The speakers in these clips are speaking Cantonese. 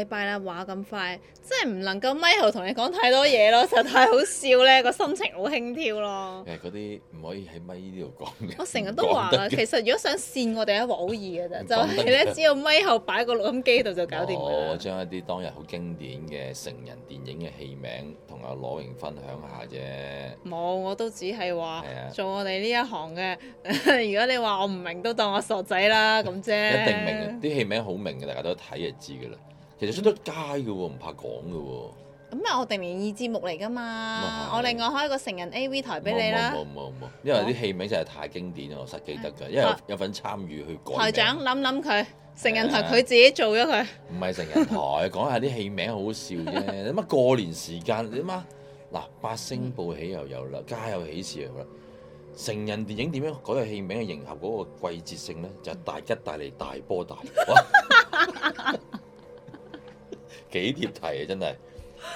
禮拜啦，話咁快，真係唔能夠咪後同你講太多嘢咯，實在太好笑咧，個心情好輕佻咯。誒，嗰啲唔可以喺咪呢度講嘅。我成日都話啊， 其實如果想扇我哋係好易嘅啫， 就係咧，你只要咪後擺個錄音機度就搞掂。我將一啲當日好經典嘅成人電影嘅戲名同阿羅榮分享下啫。冇，我都只係話、啊、做我哋呢一行嘅。 如果你話我唔明，都當我傻仔啦咁啫。 一定明，啲戲名好明嘅，大家都睇就知嘅啦。其實出得街嘅喎，唔怕講嘅喎。咁啊，我哋年意節目嚟噶嘛？哎、我另外開個成人 AV 台俾你啦。冇、哎，冇、哎，冇，因為啲戲名真係太經典，我實記得嘅。因為有份參與去改、哎、台長諗諗佢成人台，佢自己做咗佢。唔係、哎、成人台，講下啲戲名好笑啫。 你乜過年時間？你諗下，嗱八星報喜又有啦，家有喜事又有啦。成人電影點樣改個戲名去迎合嗰個季節性咧？就大吉大利大波大波。 幾貼題啊！真係，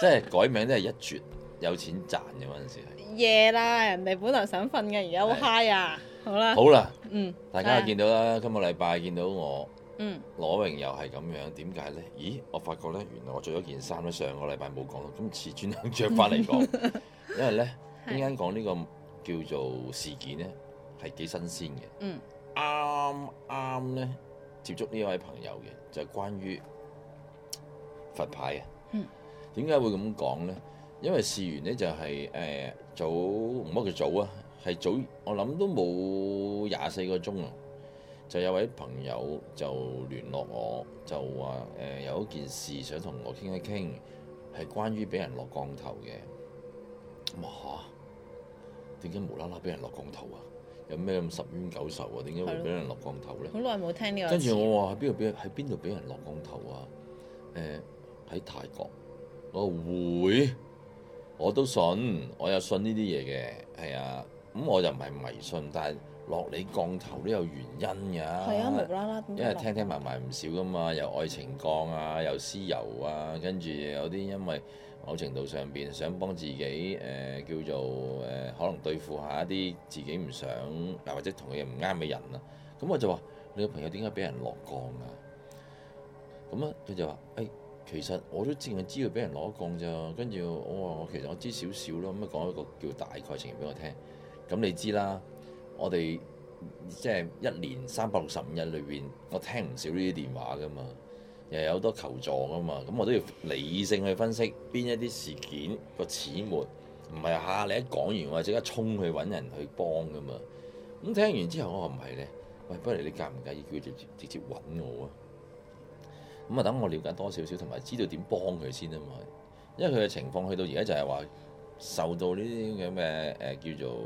即係改名真係一絕，有錢賺嘅嗰陣時係夜啦，yeah, 人哋本來想瞓嘅，而家的好 high 了啊！好啦，好啦，嗯，大家見到啦，嗯、今個禮拜見到我，嗯，攞榮又係咁樣，點解咧？咦，我發覺咧，原來我着咗件衫咧，上個禮拜冇講到，今次專登着翻嚟講， 因為咧，陣間講呢個叫做事件咧，係幾新鮮嘅？嗯，啱啱咧接觸呢位朋友嘅，就係、是、關於。佛牌啊，點解會咁講咧？因為事緣呢、就是，就係誒早，唔好叫早啊，係早，我諗都冇廿四個鐘啊，就有位朋友就聯絡我，就話誒、欸、有一件事想同我傾一傾，係關於俾人落降頭嘅。咁啊點解無啦啦俾人落降頭啊？有咩咁十冤九仇啊？點解會俾人落降頭咧？好耐冇聽呢個。跟住我話，喺邊度俾喺邊度俾人落降頭啊？誒、欸。喺泰國，我會，我都信，我又信呢啲嘢嘅，係啊，咁我又唔係迷信，但係落你降頭都有原因㗎，係啊，無啦啦，因為聽聽，聽埋埋唔少噶嘛，有愛情降啊，有屍油啊，跟住有啲因為某程度上邊想幫自己誒、呃、叫做誒、呃、可能對付下一啲自己唔想，或者同佢又唔啱嘅人啊，咁、嗯、我就話你個朋友點解俾人落降啊？咁、嗯、啊，佢就話誒。欸其實我都淨係知道俾人攞棍咋，跟住我話我其實我知少少咯，咁啊講一個叫大概情形俾我聽。咁、嗯、你知啦，我哋即係一年三百六十五日裏邊，我聽唔少呢啲電話噶嘛，又有好多求助噶嘛，咁、嗯、我都要理性去分析邊一啲事件、這個始末，唔係下你一講完我即刻衝去揾人去幫噶嘛。咁、嗯、聽完之後，我話唔係咧，喂，不如你介唔介意叫佢直接直接揾我啊？咁啊，等我了解多少少，同埋知道點幫佢先啊嘛！因為佢嘅情況去到而家就係話受到呢啲咁嘅誒叫做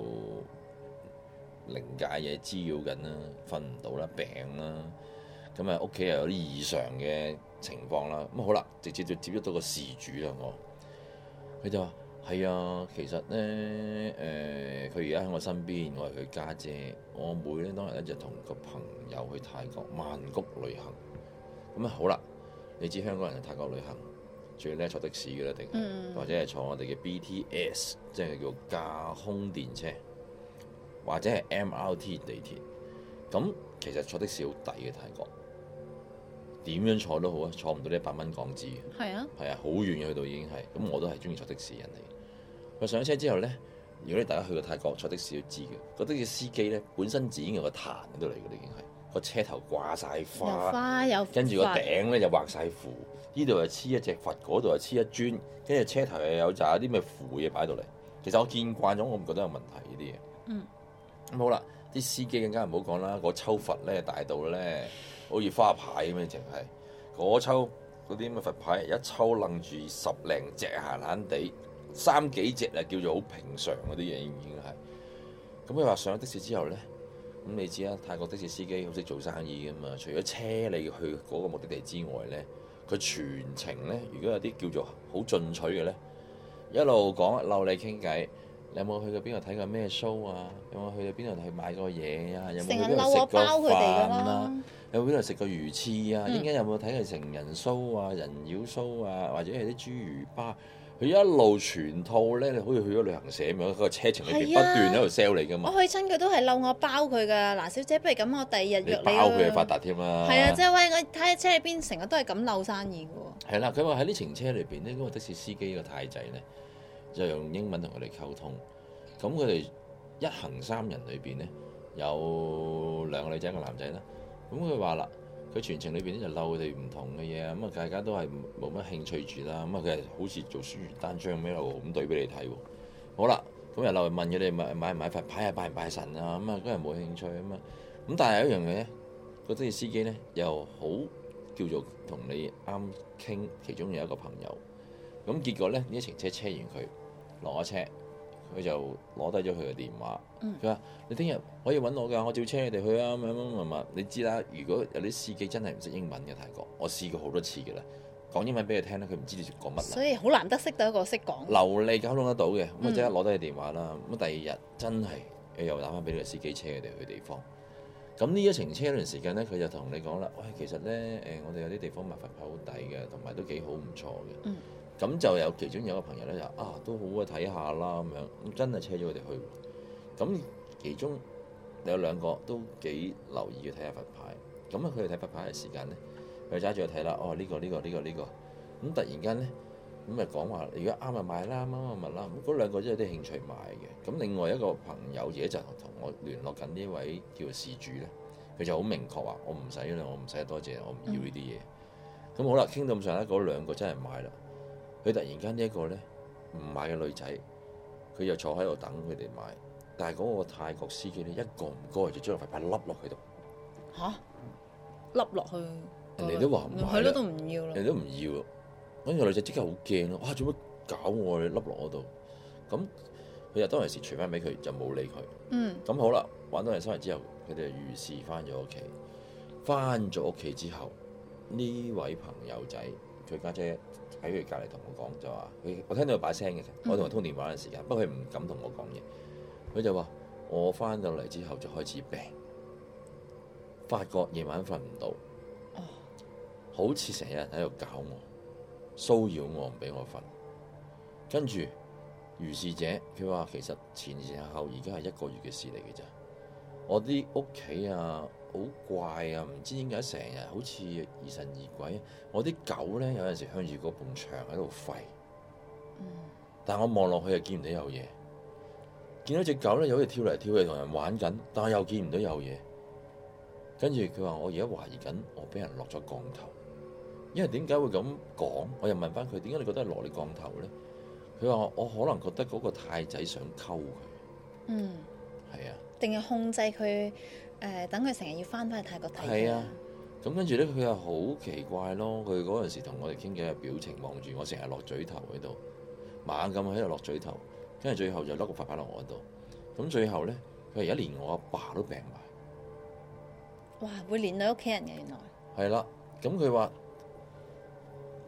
靈界嘢滋擾緊啦，瞓唔到啦，病啦、啊，咁啊屋企又有啲異常嘅情況啦。咁、嗯、好啦，直接就接觸到個事主啦，我佢就話：係啊，其實咧誒，佢而家喺我身邊，我係佢家姐，我妹咧當日咧就同個朋友去泰國曼谷旅行。咁啊好啦，你知香港人去泰國旅行最叻坐的士嘅啦，定或者係坐我哋嘅 BTS，即係叫架空電車，或者係 MRT 地鐵。咁其實坐的士好抵嘅，泰國，點樣坐都好啊，坐唔到呢一百蚊港紙嘅。係啊，係啊，好遠去到已經係，咁我都係中意坐的士人哋。佢上咗車之後咧，如果你大家去過泰國坐的士都知嘅，嗰啲嘅司機咧本身自己有個壇度嚟嘅，已經係。個車頭掛晒花，跟住個頂咧就畫晒符。呢度又黐一隻佛，嗰度又黐一磚，跟住車頭又有扎啲咩符嘢擺到嚟。其實我見慣咗，我唔覺得有問題呢啲嘢。嗯，咁好啦，啲司機更加唔好講啦。個抽佛咧，大到咧，好似花牌咁樣，淨係嗰抽嗰啲咁嘅佛牌，一抽楞住十零隻閒，閒閒地三幾隻啊，叫做好平常嗰啲嘢，已經係。咁你話上咗的士之後咧？咁、嗯、你知啦，泰國的士司機好識做生意㗎嘛。除咗車你去嗰個目的地之外咧，佢全程咧，如果有啲叫做好進取嘅咧，一路講漏你傾偈。你有冇去到邊度睇過咩 show 啊？有冇去到邊度去買過嘢啊？有冇去邊度食過飯啊？有冇邊度食過魚翅啊？點解、嗯、有冇睇過成人 show 啊、人妖 show 啊，或者係啲豬魚吧？佢一路全套咧，好似去咗旅行社咁，嗰個車程裏邊不斷喺度 sell 你噶嘛、啊。我去親佢都係嬲我包佢噶，嗱小姐，不如咁、啊就是，我第二日約包佢去發達添啦。係啊，即係喂，我睇車裏邊成日都係咁嬲生意噶喎。係啦，佢話喺呢程車裏邊呢，嗰個的士司機個太仔咧就用英文同佢哋溝通。咁佢哋一行三人裏邊咧有兩個女仔一個男仔啦。咁佢話啦。全程裏邊咧就嬲佢哋唔同嘅嘢啊，咁啊大家都係冇乜興趣住啦，咁啊佢係好似做宣傳單張咁樣喎，一路咁對俾你睇喎。好啦，咁又留嚟問佢哋買唔買佛牌啊，拜唔拜神啊，咁啊嗰人冇興趣啊嘛。咁但係有一樣嘢咧，嗰啲司機咧又好叫做同你啱傾其中有一個朋友，咁結果咧呢一程車車完佢落咗車。佢就攞低咗佢嘅電話，佢話、嗯：你聽日可以揾我㗎，我照車你哋去啊！咁樣咁樣，你知啦。如果有啲司機真係唔識英文嘅泰國，我試過好多次㗎啦，講英文俾佢聽咧，佢唔知你講乜。所以好難得識到一個識講流利溝通得到嘅。咁啊，即刻攞低佢電話啦。咁、嗯、第二日真係又打翻俾你個司機車佢哋去地方。咁呢一程車一段時間呢，佢就同你講啦：喂，其實呢，誒、呃，我哋有啲地方物墳鋪好抵嘅，同埋都幾好唔錯嘅。嗯咁就有其中有一個朋友咧，就啊，都好啊，睇下啦咁樣，咁真係車咗佢哋去。咁其中有兩個都幾留意嘅，睇下佛牌。咁啊佢哋睇佛牌嘅時間咧，佢就揸住去睇啦。哦，呢個呢個呢個呢個。咁、這個這個這個、突然間咧，咁咪講話如果啱咪買啦，啱咪問啦。咁嗰兩個真係有啲興趣買嘅。咁另外一個朋友而家就同我聯絡緊呢位叫事主咧，佢就好明確話我唔使啦，我唔使多謝，我唔要呢啲嘢。咁好啦，傾到咁上下，嗰兩個真係買啦。佢突然間呢一個咧唔買嘅女仔，佢就坐喺度等佢哋買，但係嗰個泰國司機咧一個唔該就將個廢品甩落去度哈。吓，甩落去人哋都話唔買，係咯都唔要啦，人哋都唔要咯。嗰個女仔即刻好驚咯，哇！做乜搞我你甩落嗰度？咁佢就當時，傳翻俾佢就冇理佢。嗯。咁好啦，玩多兩三日之後，佢哋就如是翻咗屋企。翻咗屋企之後，呢位朋友仔佢家姐，姐。喺佢隔離同我講就話佢，我聽到佢把聲嘅啫。我同佢通電話嘅時間，不過佢唔敢同我講嘢。佢就話：就我翻到嚟之後就開始病，發覺夜晚瞓唔到，好似成日喺度搞我，騷擾我唔俾我瞓。跟住如是者，佢話其實前前後後而家係一個月嘅事嚟嘅啫。我啲屋企啊～好怪啊！唔知點解成日好似疑神疑鬼啊。我啲狗咧有陣時向住嗰埲牆喺度吠，但係我望落去又見唔到有嘢。見到隻狗咧，有好似跳嚟跳去同人玩緊，但係又見唔到有嘢。跟住佢話我而家懷疑緊我俾人落咗降頭，因為點解會咁講？我又問翻佢點解你覺得係落你降頭咧？佢話我可能覺得嗰個太仔想溝佢，嗯，係啊，定係控制佢。誒、欸，等佢成日要翻返去泰國睇嘅。係啊，咁跟住咧，佢又好奇怪咯。佢嗰陣時同我哋傾偈嘅表情，望住我成日落嘴頭喺度，猛咁喺度落嘴頭，跟住最後就甩個佛牌落我度。咁最後咧，佢而家連我阿爸都病埋。哇！會連累屋企人嘅原來。係啦，咁佢話，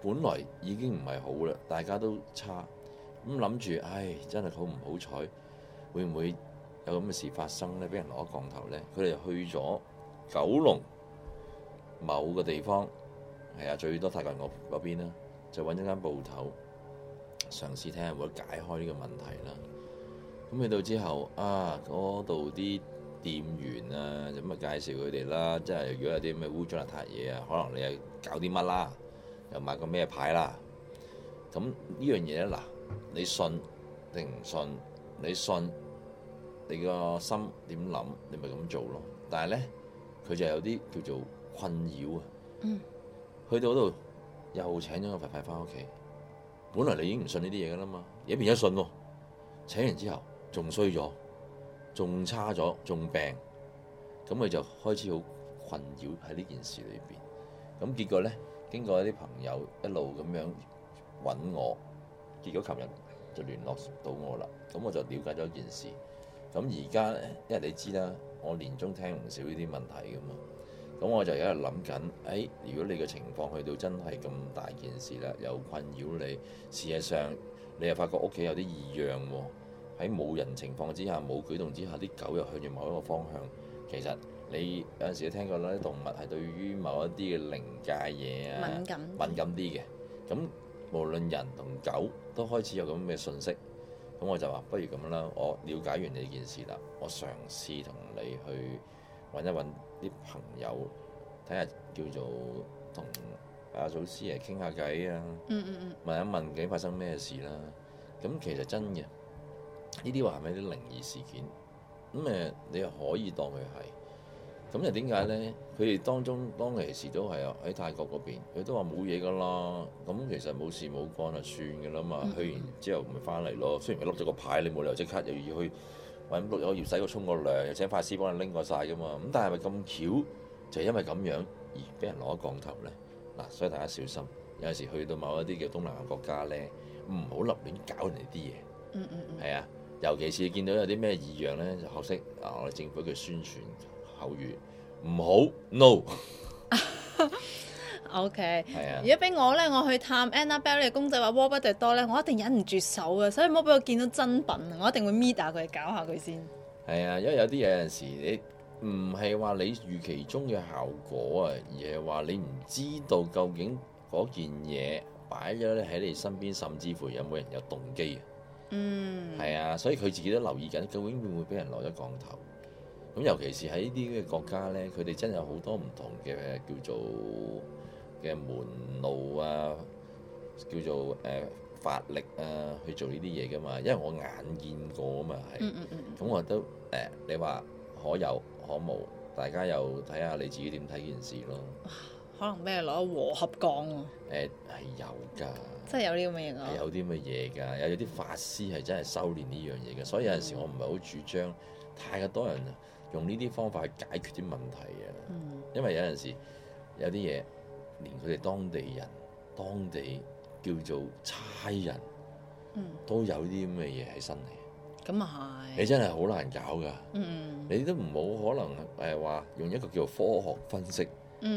本來已經唔係好啦，大家都差，咁諗住，唉，真係好唔好彩，會唔會？有咁嘅事發生咧，俾人攞降頭咧，佢哋去咗九龍某個地方，係啊，最多泰國人嗰邊啦，就揾咗間鋪頭嘗試聽有冇得解開呢個問題啦。咁去到之後啊，嗰度啲店員啊，咁啊介紹佢哋啦，即係如果有啲咩污糟邋遢嘢啊，可能你又搞啲乜啦，又買個咩牌啦。咁呢樣嘢咧，嗱，你信定唔信？你信？你個心點諗，你咪咁做咯。但係咧，佢就有啲叫做困擾啊。嗯。去到嗰度又請咗個佛牌翻屋企，本來你已經唔信呢啲嘢㗎啦嘛，而家變咗信喎、哦。請完之後，仲衰咗，仲差咗，仲病。咁佢就開始好困擾喺呢件事裏邊。咁結果咧，經過一啲朋友一路咁樣揾我，結果琴日就聯絡到我啦。咁我就了解咗一件事。咁而家咧，因為你知啦，我年中聽唔少呢啲問題㗎嘛，咁我就而家諗緊，誒、哎，如果你嘅情況去到真係咁大件事啦，又困擾你，事實上你又發覺屋企有啲異樣喎、哦，喺冇人情況之下冇舉動之下，啲狗又去住某一個方向，其實你有陣時聽過咧，啲動物係對於某一啲嘅靈界嘢啊敏感敏感啲嘅，咁無論人同狗都開始有咁嘅訊息。咁我就話不如咁啦，我了解完你件事啦，我嘗試同你去揾一揾啲朋友，睇下叫做同阿祖師爺傾下偈啊，嗯嗯嗯，問一問究竟發生咩事啦。咁其實真嘅，呢啲話係咪啲靈異事件？咁誒，你又可以當佢係。咁又點解咧？佢哋當中當其時都係啊，喺泰國嗰邊，佢都話冇嘢噶啦。咁其實冇事冇干啊，算嘅啦嘛。嗯嗯，去完之後咪翻嚟咯。雖然咪碌咗個牌，你冇理由即刻又要去揾碌友，要洗個沖個涼，又請法師幫你拎過晒噶嘛。咁但係咪咁巧就係、是、因為咁樣而俾人攞咗降頭咧？嗱、啊，所以大家小心。有陣時去到某一啲嘅東南亞國家咧，唔好立亂搞人哋啲嘢。嗯嗯嗯。係啊，尤其是見到有啲咩異樣咧，就學識啊，我哋政府嘅宣傳。口語唔好，no。O K，係啊。如果俾我咧，我去探 Annabelle 嘅公仔話 w o b b l e 多咧，我一定忍唔住手嘅、啊，所以唔好俾我見到真品、啊，我一定會搣下佢，搞下佢先。係啊，因為有啲有陣時，你唔係話你預期中嘅效果啊，而係話你唔知道究竟嗰件嘢擺咗咧喺你身邊，甚至乎有冇人有動機、啊。嗯，係啊，所以佢自己都留意緊，究竟會唔會俾人落咗降頭？咁尤其是喺呢啲嘅國家咧，佢哋真有好多唔同嘅叫做嘅門路啊，叫做誒、呃、法力啊，去做呢啲嘢噶嘛。因為我眼見過啊嘛，係咁、嗯嗯嗯、我都誒、呃。你話可有可無，大家又睇下你自己點睇件事咯。可能咩攞和合鋼誒、啊、係、呃、有㗎，真係有啲咁嘅嘢㗎，有啲乜嘢㗎，有啲法師係真係修練呢樣嘢嘅，所以有陣時我唔係好主張太過多人。用呢啲方法去解決啲問題啊！因為有陣時有啲嘢，連佢哋當地人、當地叫做差人，都有啲咁嘅嘢喺身嚟。咁啊、嗯、你真係好難搞㗎！嗯、你都唔好可能係話用一個叫做科學分析，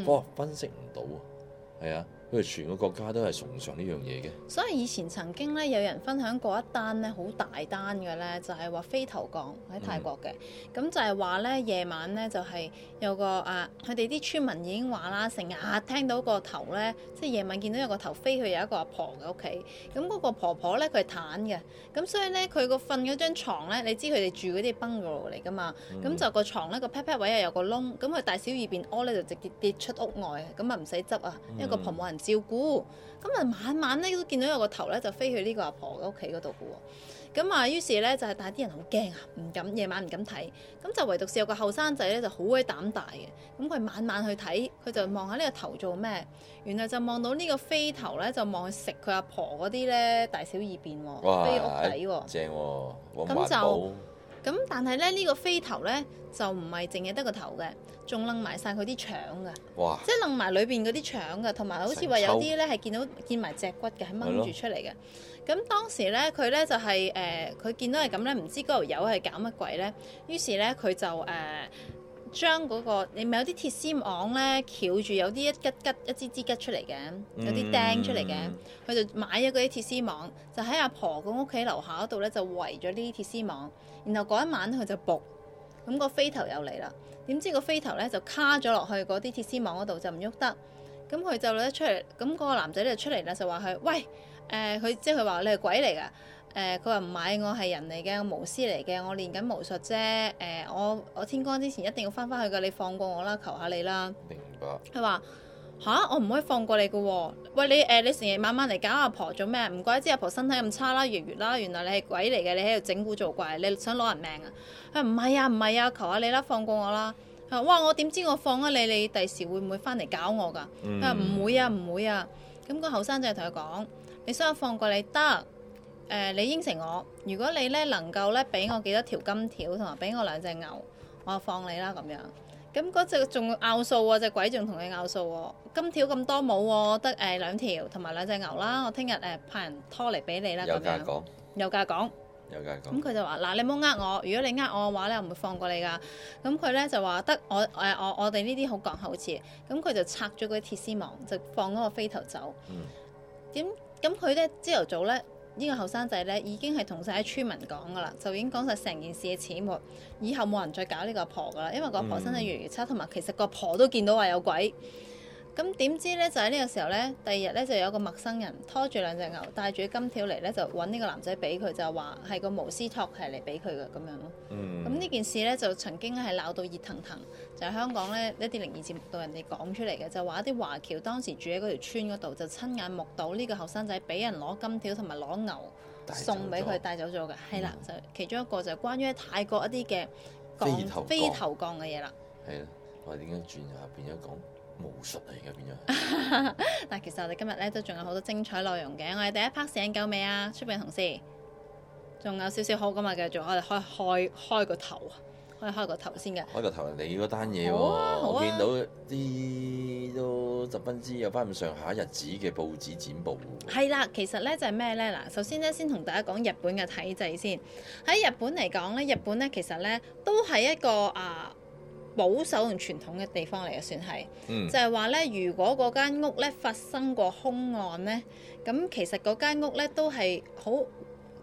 科學分析唔到、嗯、啊！係啊！因為全個國家都係崇尚呢樣嘢嘅，所以以前曾經咧有人分享過一單咧好大單嘅咧，就係、是、話飛頭降喺、嗯、泰國嘅，咁就係話咧夜晚咧就係、是、有個啊，佢哋啲村民已經話啦，成日、啊、聽到個頭咧，即係夜晚見到有個頭飛去有一個阿婆嘅屋企，咁、那、嗰個婆婆咧佢係癱嘅，咁所以咧佢個瞓嗰張牀咧，你知佢哋住嗰啲 bungalow 嚟㗎嘛，咁、嗯、就那個床咧個 pat pat 位又有個窿，咁佢大小二便屙咧就直接跌，跌出屋外，咁啊唔使執啊，因為個婆冇人。照顧咁啊，就晚晚咧都見到有個頭咧就飛去呢個阿婆嘅屋企嗰度嘅喎，咁啊，於是咧就係但係啲人好驚啊，唔敢夜晚唔敢睇，咁就唯獨是有個後生仔咧就好鬼膽大嘅，咁佢晚晚去睇，佢就望下呢個頭做咩，原來就望到呢個飛頭咧就望去食佢阿婆嗰啲咧大小二便喎，哇飛屋底喎，正喎，哎，咁、哦、就。咁、嗯、但係咧呢、呢個飛頭咧就唔係淨係得個頭嘅，仲擸埋晒佢啲腸嘅。哇！即係擸埋裏邊嗰啲腸嘅，同埋好似話有啲咧係見到見埋脊骨嘅，係掹住出嚟嘅。咁的、嗯、當時咧佢咧就係、是、誒，佢、呃、見到係咁咧，唔知嗰條友係搞乜鬼咧，於是咧佢就誒。呃將嗰、那個你咪有啲鐵絲網咧，翹住有啲一吉吉一支支吉出嚟嘅，有啲釘出嚟嘅，佢就買咗嗰啲鐵絲網，就喺阿婆個屋企樓下嗰度咧就圍咗啲鐵絲網，然後嗰一晚佢就僕，咁、那個飛頭又嚟啦，點知個飛頭咧就卡咗落去嗰啲鐵絲網嗰度就唔喐得，咁佢就攞得出嚟，咁個男仔咧就出嚟啦，就話佢喂，誒、呃、佢即係佢話你係鬼嚟㗎。誒，佢話唔買，我係人嚟嘅，我巫師嚟嘅，我練緊巫術啫。誒、呃、我我天光之前一定要翻返去噶，你放過我啦，求下你啦。明白。佢話吓？我唔可以放過你噶、哦。喂，你誒，你成日晚晚嚟搞阿婆做咩？唔怪之阿婆身體咁差啦、啊，月月啦、啊。原來你係鬼嚟嘅，你喺度整蠱做怪，你想攞人命啊？佢話唔係啊，唔係啊，求下你啦，放過我啦。佢話哇，我點知我放咗你，你第時會唔會翻嚟搞我噶？佢話唔會啊，唔會啊。咁、那個後生仔同佢講：你想我放過你得。誒、呃，你應承我，如果你咧能夠咧俾我幾多條金條，同埋俾我兩隻牛，我就放你啦咁樣。咁嗰隻仲拗數喎，隻鬼仲同佢拗數喎。金條咁多冇喎，得誒、啊、兩條同埋兩隻牛啦。我聽日誒派人拖嚟俾你啦。有價講，有價講，有價講。咁佢就話：嗱，你冇呃我。如果你呃我嘅話咧，我唔會放過你噶。咁佢咧就話，得，我誒、呃、我我哋呢啲好講口似。」咁佢就拆咗嗰啲鐵絲網，就放嗰個飛頭走。點咁佢咧？朝頭早咧？個呢個後生仔呢已經係同晒啲村民講噶啦，就已經講晒成件事嘅始末，以後冇人再搞呢個婆噶啦，因為個婆身體越嚟越差，同埋、嗯、其實個婆都見到話有鬼。咁點、嗯、知咧？就喺呢個時候咧，第二日咧就有個陌生人拖住兩隻牛，帶住金條嚟咧，就揾呢個男仔俾佢，就話係個巫師託係嚟俾佢嘅咁樣咯。嗯。咁呢件事咧就曾經係鬧到熱騰騰，就係、是、香港咧一啲靈異節目到人哋講出嚟嘅，就話一啲華僑當時住喺嗰條村嗰度，就親眼目睹呢個後生仔俾人攞金條同埋攞牛送俾佢帶走咗嘅。係啦、嗯，就其中一個就係關於泰國一啲嘅降頭飛頭降嘅嘢啦。係啦，我哋點解轉下邊一講？巫術嚟嘅，變咗。但其實我哋今日咧都仲有好多精彩內容嘅。我哋第一 part 醒夠未啊？出邊同事，仲有少少好噶嘛？繼續，我哋開開開個頭，我哋開個頭先嘅。開個頭，開開個頭個頭你嗰單嘢喎，啊啊、我見到啲都十分之有翻咁上下日子嘅報紙剪報喎。係啦，其實咧就係咩咧？嗱，首先咧先同大家講日本嘅體制先。喺日本嚟講咧，日本咧其實咧都係一個啊。保守同傳統嘅地方嚟嘅，算係，嗯、就係話呢。如果嗰間屋呢發生過凶案呢，咁其實嗰間屋呢都係好。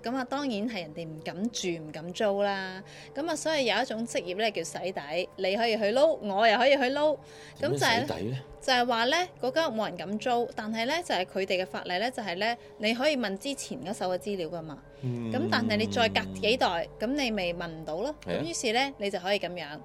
咁啊，當然係人哋唔敢住、唔敢租啦。咁啊，所以有一種職業咧叫洗底，你可以去撈，我又可以去撈。咁就係、是、洗底呢就係話咧，嗰間屋冇人敢租，但係咧就係佢哋嘅法例咧，就係、是、咧你可以問之前嗰手嘅資料噶嘛。咁、嗯、但係你再隔幾代，咁、嗯、你咪問唔到咯。咁的於是咧，你就可以咁樣，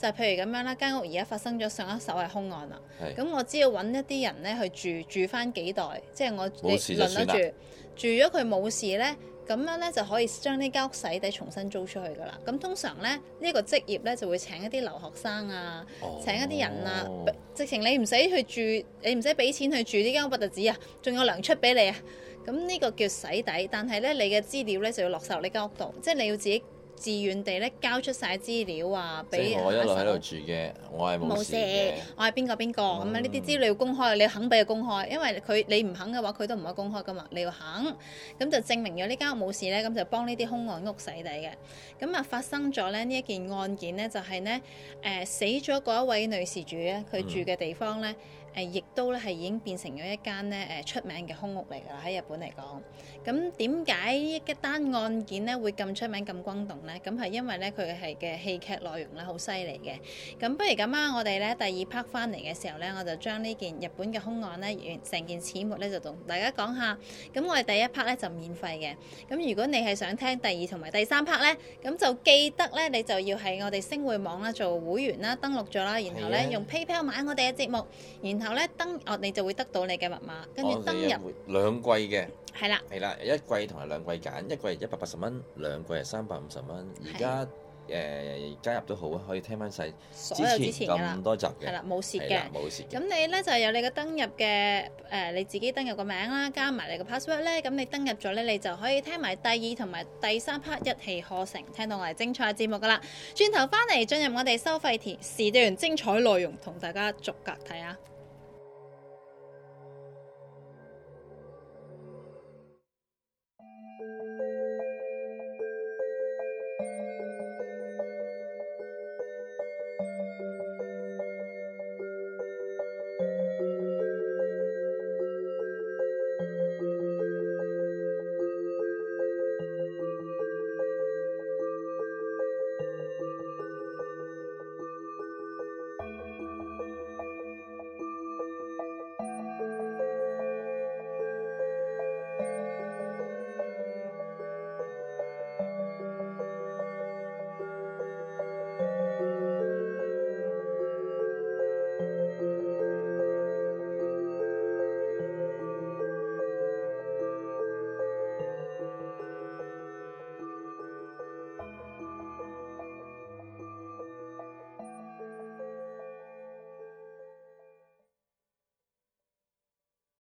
就係、是、譬如咁樣啦。間屋而家發生咗上一手係凶案啦。咁的我只要揾一啲人咧去住，住翻幾代，即係我你輪得住，住咗佢冇事咧。咁樣咧就可以將呢間屋洗底，重新租出去噶啦。咁通常咧呢一、呢個職業咧就會請一啲留學生啊，請一啲人啊，Oh. 直情你唔使去住，你唔使俾錢去住呢間屋不特止啊，仲有糧出俾你啊。咁呢個叫洗底，但係咧你嘅資料咧就要落實喺間屋度，即係你要自己。自願地咧交出晒資料啊，俾我一路喺度住嘅，我係冇事，事我係邊個邊個咁啊？呢啲、嗯、資料要公開，你肯俾佢公開，因為佢你唔肯嘅話，佢都唔可以公開噶嘛。你要肯，咁就證明咗呢間屋冇事咧。咁就幫呢啲兇案屋洗底嘅。咁啊，發生咗咧呢一件案件咧，就係、是、呢誒、呃、死咗嗰一位女事主咧，佢住嘅地方咧。嗯誒，亦都咧係已經變成咗一間咧誒出名嘅空屋嚟㗎啦，喺日本嚟講。咁點解一單案件咧會咁出名、咁轟動呢？咁係因為咧佢係嘅戲劇內容咧好犀利嘅。咁不如咁啊，我哋咧第二 part 翻嚟嘅時候咧，我就將呢件日本嘅凶案咧，成件始末咧，就同大家講下。咁我哋第一 part 咧就免費嘅。咁如果你係想聽第二同埋第三 part 咧，咁就記得咧你就要喺我哋星匯網啦做會員啦，登錄咗啦，然後咧的用 PayPal 買我哋嘅節目，然。然後咧登哦，你就會得到你嘅密碼，跟住登入兩、哦、季嘅係啦，係啦的，一季同埋兩季揀一季一百八十蚊，兩季係三百五十蚊。而家誒加入都好啊，可以聽翻晒所有之前咁多集嘅係啦，冇事嘅冇事。咁你咧就係有你嘅登入嘅誒、呃、你自己登入個名啦，加埋你嘅 password 咧。咁你登入咗咧，你就可以聽埋第二同埋第三 part 一氣呵成，聽到我哋精彩節目噶啦。轉頭翻嚟進入我哋收費時段，試掉完精彩內容，同大家逐格睇下。